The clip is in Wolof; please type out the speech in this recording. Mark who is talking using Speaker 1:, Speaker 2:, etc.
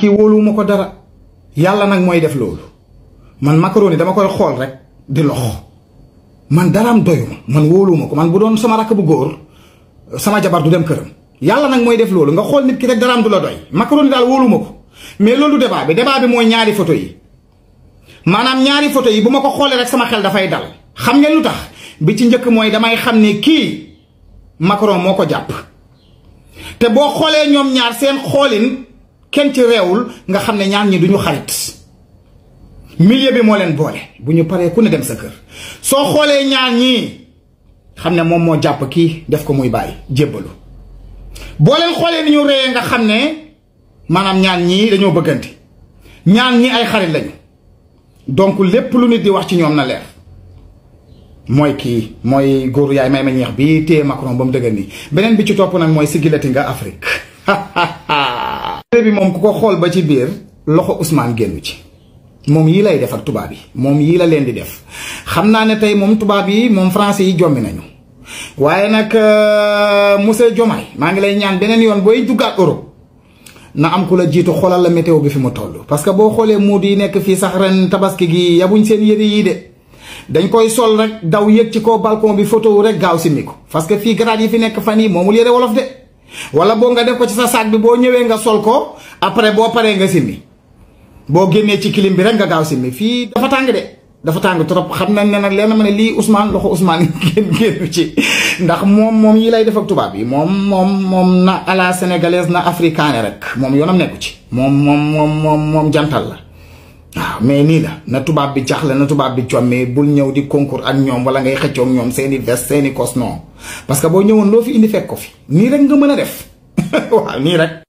Speaker 1: kii wóoluwuma ko dara yàlla nag mooy def loolu man macaroni dama ko xool rek di loxo man daraam doyuma man wóoluwuma ko man bu doon sama rakk bu góor sama jabar du dem këram yàlla nag mooy def loolu nga xool nit ki rek daraam du la doy macaroni daal wóoluwuma ko mais loolu débat bi débat bi mooy ñaari photo yi maanaam ñaari photo yi bu ma ko xoolee rek sama xel dafay dal xam ngeen lu tax bi ci njëkk mooy damay xam ne kii Macron moo ko jàpp te boo xoolee ñoom ñaar seen xoolin kenn ci réewul nga xam ne ñaan ñi duñu xarit milieu bi moo leen boole bu ñu paree ku ne dem sa kër soo xoolee ñaan ñii xam ne moom moo jàpp kii def ko muy bàyyi jébbalu boo leen xoolee ni ñu réyee nga xam ne maanaam ñaan ñii dañoo bëggante ñaan ñi ay xarit lañu donc lépp lu nit di wax ci ñoom na leer mooy kii mooy góoru yaay may ma ñeex bi téye Macron ba mu dëgër nii beneen bi ci topp nag mooy sigilati nga Afrique bi moom ku ko xool ba ci biir loxo Ousmane génn ci moom yii lay def ak tubaab yi moom yii la leen di def xam naa ne tey moom tubaab yi moom français yi jommi nañu waaye nag euh, monsieur Diomaye maa ngi lay ñaan beneen yoon booy duggaat Europe na am ku la jiitu xoolal la météo bi fi mu toll parce que boo xoolee muud yi nekk fii sax ren tabaski gi yabuñ seen yëre yii de dañ koy sol rek daw yëg ci kaw balcon bi photo rek gaaw si mi ko parce que fii grade yi fi nekk fan yi moomul yëre wolof de wala boo nga def ko ci sa saak bi boo ñëwee nga sol ko après boo paree nga simmi boo génnee ci kilim bi rek nga gaaw simmi fii dafa tàng de dafa tàng trop xam nañ ne nag leen ma ne lii Ousmane loxo usmaan génn génn ci ndax moom moom yi lay def tubaab yi moom moom moom na à la na africaine rek moom yoonam nekku ci moom moom moom moom moom jantal la waaw ah, mais nii la na tubaab bi la na tubaab bi commee bul ñëw di concours ak ñoom wala ngay xëccoog ñoom seeni veste seeni kos non parce que boo ñëwoon loo fi indi fekk ko fi nii rek nga mën a def waaw nii rek